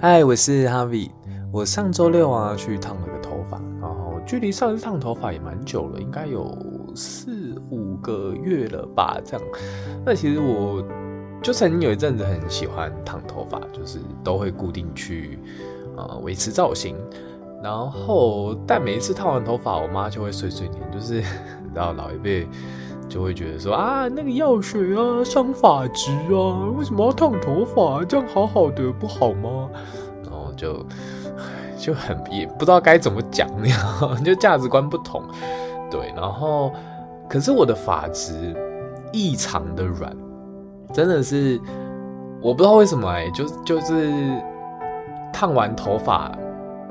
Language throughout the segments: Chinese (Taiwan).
嗨，Hi, 我是 Harvie。我上週六啊去燙了個頭髮，然後距離上次燙頭髮也蠻久了，應該有四五個月了吧？這樣。那其實我就曾、是、經有一陣子很喜歡燙頭髮，就是都會固定去啊維、呃、持造型。然後，但每一次燙完頭髮，我媽就會碎碎念，就是讓老一輩。就會覺得說啊，那個藥水啊，傷髮質啊，為什麼要燙頭髮啊？這樣好好的欸，不好嗎？然後就就很也不知道該怎麼講，那樣就價值觀不同，對。然後可是我的髮質異常的軟，真的是我不知道為什麼哎、欸，就就是燙完頭髮。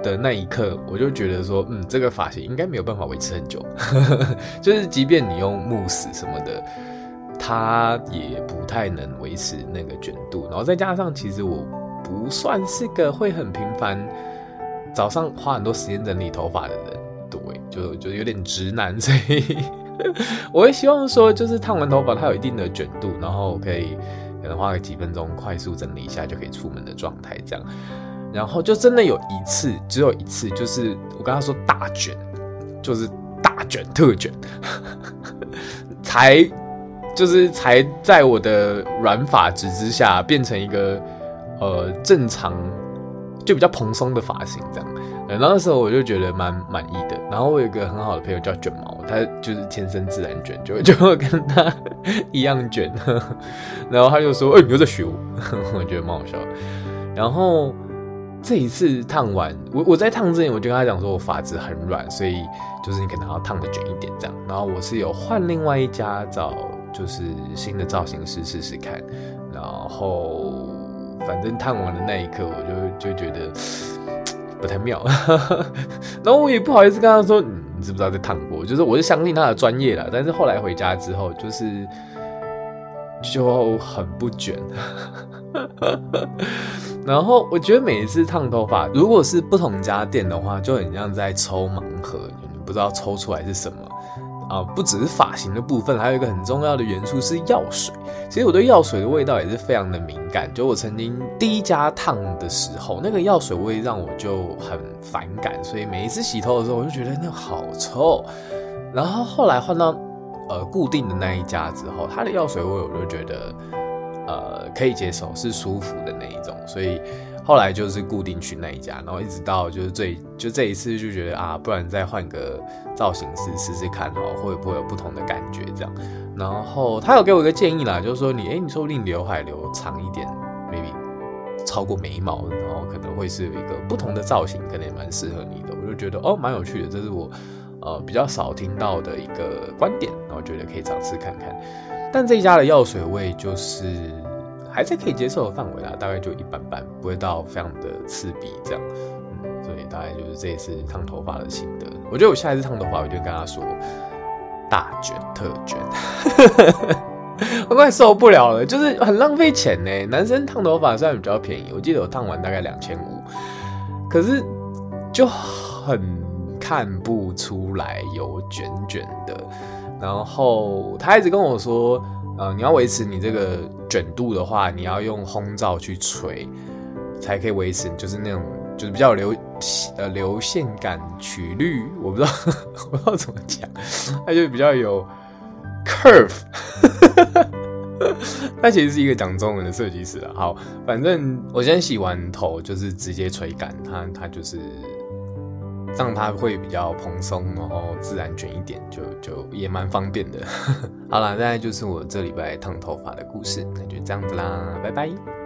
的那一刻，我就覺得說，嗯，這個髮型應該沒有辦法維持很久。 就是即便你用慕斯什麼的，它也不太能維持那個捲度。然後再加上，其實我不算是個會很頻繁早上花很多時間整理頭髮的人，對，就就有點直男。所以，我會希望說，就是燙完頭髮它有一定的捲度，然後可以可能花個幾分鐘快速整理一下就可以出門的狀態，這樣。然後就真的有一次，只有一次，就是我跟他說大捲，就是大捲特捲，呵呵才就是才在我的軟髮質之下，變成一個呃，正常就比較蓬鬆的髮型這樣。然、嗯、後那時候我就覺得蠻滿意的。然後我有一個很好的朋友叫捲毛，他就是天生自然捲，就就會跟他一樣捲呵呵。然後他就說：“哎、欸，你又在學我？”我覺得蠻好笑。然後。這一次燙完，我我在燙之前我就跟他講說，我髮質很軟，所以就是你可能要燙的捲一點這樣。然後我是有換另外一家找就是新的造型師試，試試看，然後反正燙完的那一刻我就就覺得不太妙， 然後我也不好意思跟他說，你、嗯、知不知道在燙過？就是我是相信他的專業啦，但是後來回家之後就是就很不捲。 然後我覺得每一次燙頭髮，如果是不同家店的話，就很像在抽盲盒，你不知道抽出來是什麼。啊，不只是髮型的部分，還有一個很重要的元素是藥水。其實我對藥水的味道也是非常的敏感。就我曾經第一家燙的時候，那個藥水味讓我就很反感，所以每一次洗頭的時候，我就覺得那好臭。然後後來換到，呃，固定的那一家之後，它的藥水味我就覺得。呃，可以接受，是舒服的那一種，所以後來就是固定去那一家，然後一直到就是最就這一次就覺得啊，不然再換個造型師試試看，哈，會不會有不同的感覺這樣？然後他有給我一個建議啦，就是說你誒、欸，你說不定劉海留長一點，maybe 超過眉毛，然後可能會是一個不同的造型，可能也蠻適合你的。我就覺得哦，蠻有趣的，這是我呃比較少聽到的一個觀點，然後覺得可以嘗試看看。但這一家的藥水味就是還在可以接受的範圍啦，大概就一般般，不會到非常的刺鼻這樣。嗯，所以大概就是這一次燙頭髮的心得。我覺得我下一次燙頭髮，我就跟他說大捲特捲， 我快受不了了，就是很浪費錢呢。男生燙頭髮雖然比較便宜，我記得我燙完大概兩千五，可是就很看不出來有捲捲的。然後他一直跟我說，呃，你要維持你這個卷度的話，你要用烘罩去吹，才可以維持，就是那種就是比較流呃流線感曲率，我不知道，我不知道怎麼講，他就比較有 curve，他 其實是一個講中文的設計師了。好，反正我先洗完頭，就是直接吹乾，他他就是。這樣它會比較蓬鬆，然後自然卷一點，就就也蠻方便的。 好啦，大概就是我這禮拜燙頭髮的故事，那就這樣子啦，拜拜。